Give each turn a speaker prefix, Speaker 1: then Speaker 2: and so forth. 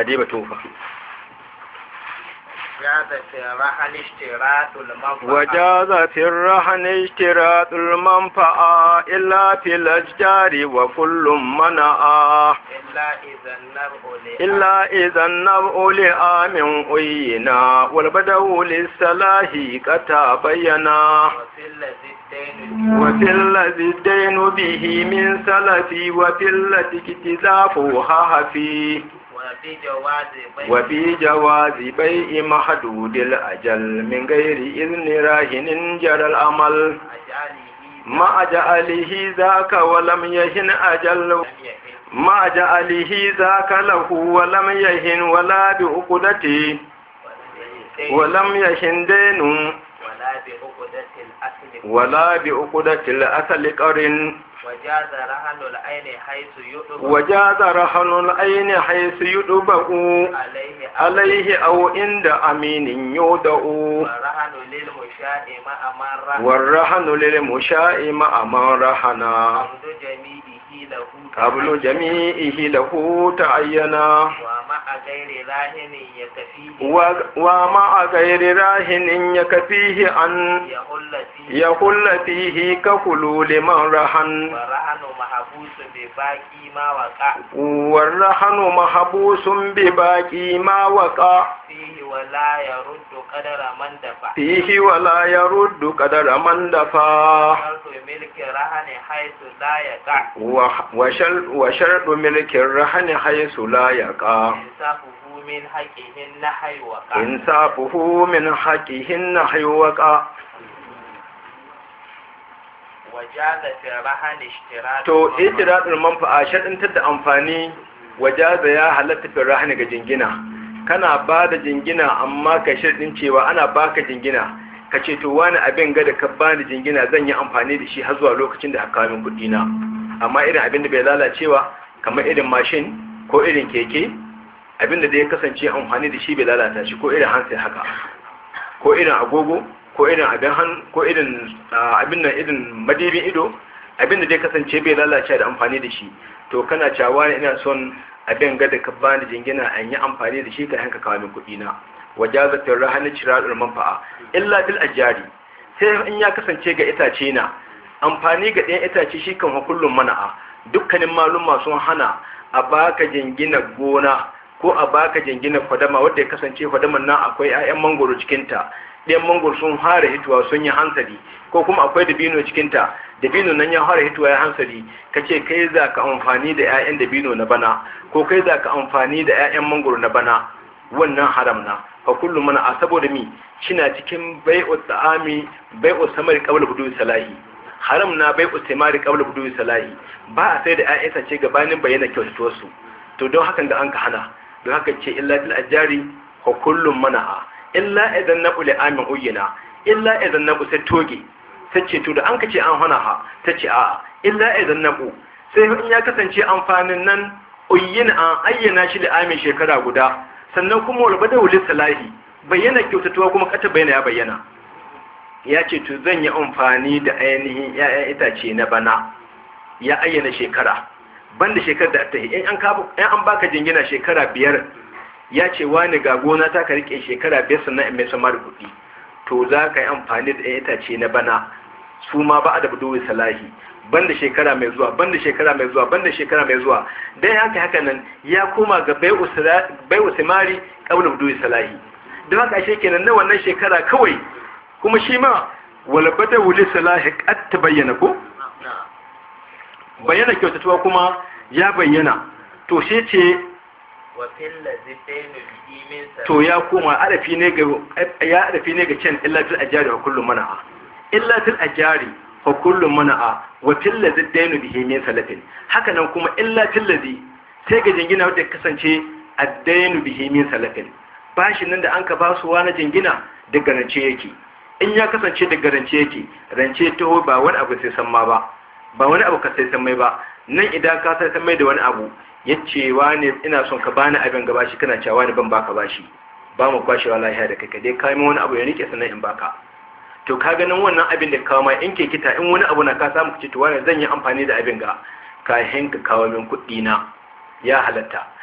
Speaker 1: Adiba tofa.
Speaker 2: وجاز
Speaker 1: الرهن اشتراط المنفعة إلا في الأشجار وكل منعة إلا إذا النبع لآم أينا والبدو للسلاح قد بينا وفي الذي الدين به من سلفي وفي التي اكتزافها فيه وفي جواز بيء محدود الأجل من غير إذن راهن جرى الأمل ما أجعله ذاك ولم يهن أجل ما أجعله ذاك له ولم يهن ولا بعقدته ولم يهن دين wala bi uqdatil asli qarin
Speaker 2: wajaza rahanul aini haythu yudubu
Speaker 1: wajaza rahanul aini haythu yudubu alayhi aw inda aminin yudau
Speaker 2: warrahanu lil
Speaker 1: musha'i
Speaker 2: wa ma a gairi
Speaker 1: rahinin ya kafihi an ya hula fihi ka kulu liman rahan wa rahanu mahabusun bi baki mawaka fihi wa la ya ruddu kadara man dafa wa
Speaker 2: sharɗu milkin rahani haisu
Speaker 1: la ya ka
Speaker 2: in sa buhu
Speaker 1: min haƙihin na haiwaka
Speaker 2: to itiradul
Speaker 1: manfa'a shaɗin tadda amfani wajaza ya halatta bin rahani ga jingina kana ba da jingina amma ka shirin cewa ana baka jingina ka ce to wani abin ga da ka ba da jingina zan yi amfani da shi har zuwa lokacin da haka min kuɗi na amma irin abin da bai lalacewa kamar irin mashin ko irin keke abin da ya kasance amfani da shi bai lalata shi ko irin hansa haka ko irin agogo ko irin abin hannu ko irin ah, abin nan irin madibin ido abinda zai kasance bai lalace da amfani da shi to kana cewa ina son abin ga da ka bani jingina an yi amfani da shi ka hanka kawo min kuɗi na wajazatin rahanin ciradar manfa'a illa bil ajari sai in ya kasance ga itace na amfani ga ɗayan itace shi kan hukullun mana'a dukkanin maluma sun hana a baka jingina gona ko a baka jingina fadama, wadda ya kasance kwadaman na akwai 'ya'yan mangoro cikinta ɗayan mangoro sun hara hituwa sun yi hansari ko kuma akwai dabino cikinta dabino nan ya hara hituwa ya hansari ka ce kai za ka amfani da 'ya'yan dabino na bana ko kai za ka amfani da 'ya'yan mangoro na bana wannan haram na fa kullum mana a saboda mi kina cikin bai'u ta'ami bai'u samari qabla budu salahi haram na bai'u samari qabla budu salahi ba a sai da 'ya'yan ce gabanin bayyana kyautuwarsu su to don hakan da an ka hana don haka ce illa bil ajari fa kullum mana'a illa idan na ƙule amin uyina illa idan na sai toge ta ce to da an kace an hana ha ta ce a'a illa idan na sai in ya kasance amfanin nan uyina an ayyana shi da amin shekara guda sannan kuma wal bada wuli salahi bayyana kyautatuwa kuma kata bayyana ya bayyana ya ce to zan yi amfani da ainihin ya'yan itace na bana ya ayyana shekara banda shekara da ta in an baka jingina shekara biyar ya ce wani ga gona ta ka rike shekara biyar sannan in mai samar kuɗi to za ka yi amfani da itace na bana su ma ba a da budowi salahi banda shekara mai zuwa banda shekara mai zuwa banda shekara mai zuwa dan haka haka nan ya koma ga bai usimari kabla budowi salahi don haka ashe kenan na wannan shekara kawai kuma shi ma walabata wuli salahi qad tabayyana ko bayyana kyautatuwa kuma ya bayyana to shi ce
Speaker 2: to ya koma arafi
Speaker 1: ne ga ya arafi ne ga cin illatul ajari wa kullu mana'a illatul ajari wa kullu mana'a wa tillazi dainu bihi min salafin haka nan kuma illatul ladhi sai ga jingina wanda kasance addainu bihi min salafin bashi nan da an ka basu wani jingina da garance yake in ya kasance da garance yake rance taho ba wani abu sai san ma ba ba wani abu ka sai san mai ba nan idan ka sai ta mai da wani abu ya ce wani ina son ka bani abin gaba shi kana cewa ni ban baka bashi ba mu kwashewa lahiya da kai ka kai mai wani abu ya rike sannan in baka to ka ganin wannan abin da kawo ma in ke kita in wani abu na ka samu kace to wani zan yi amfani da abin ga ka hinka kawo min kuɗi na ya halatta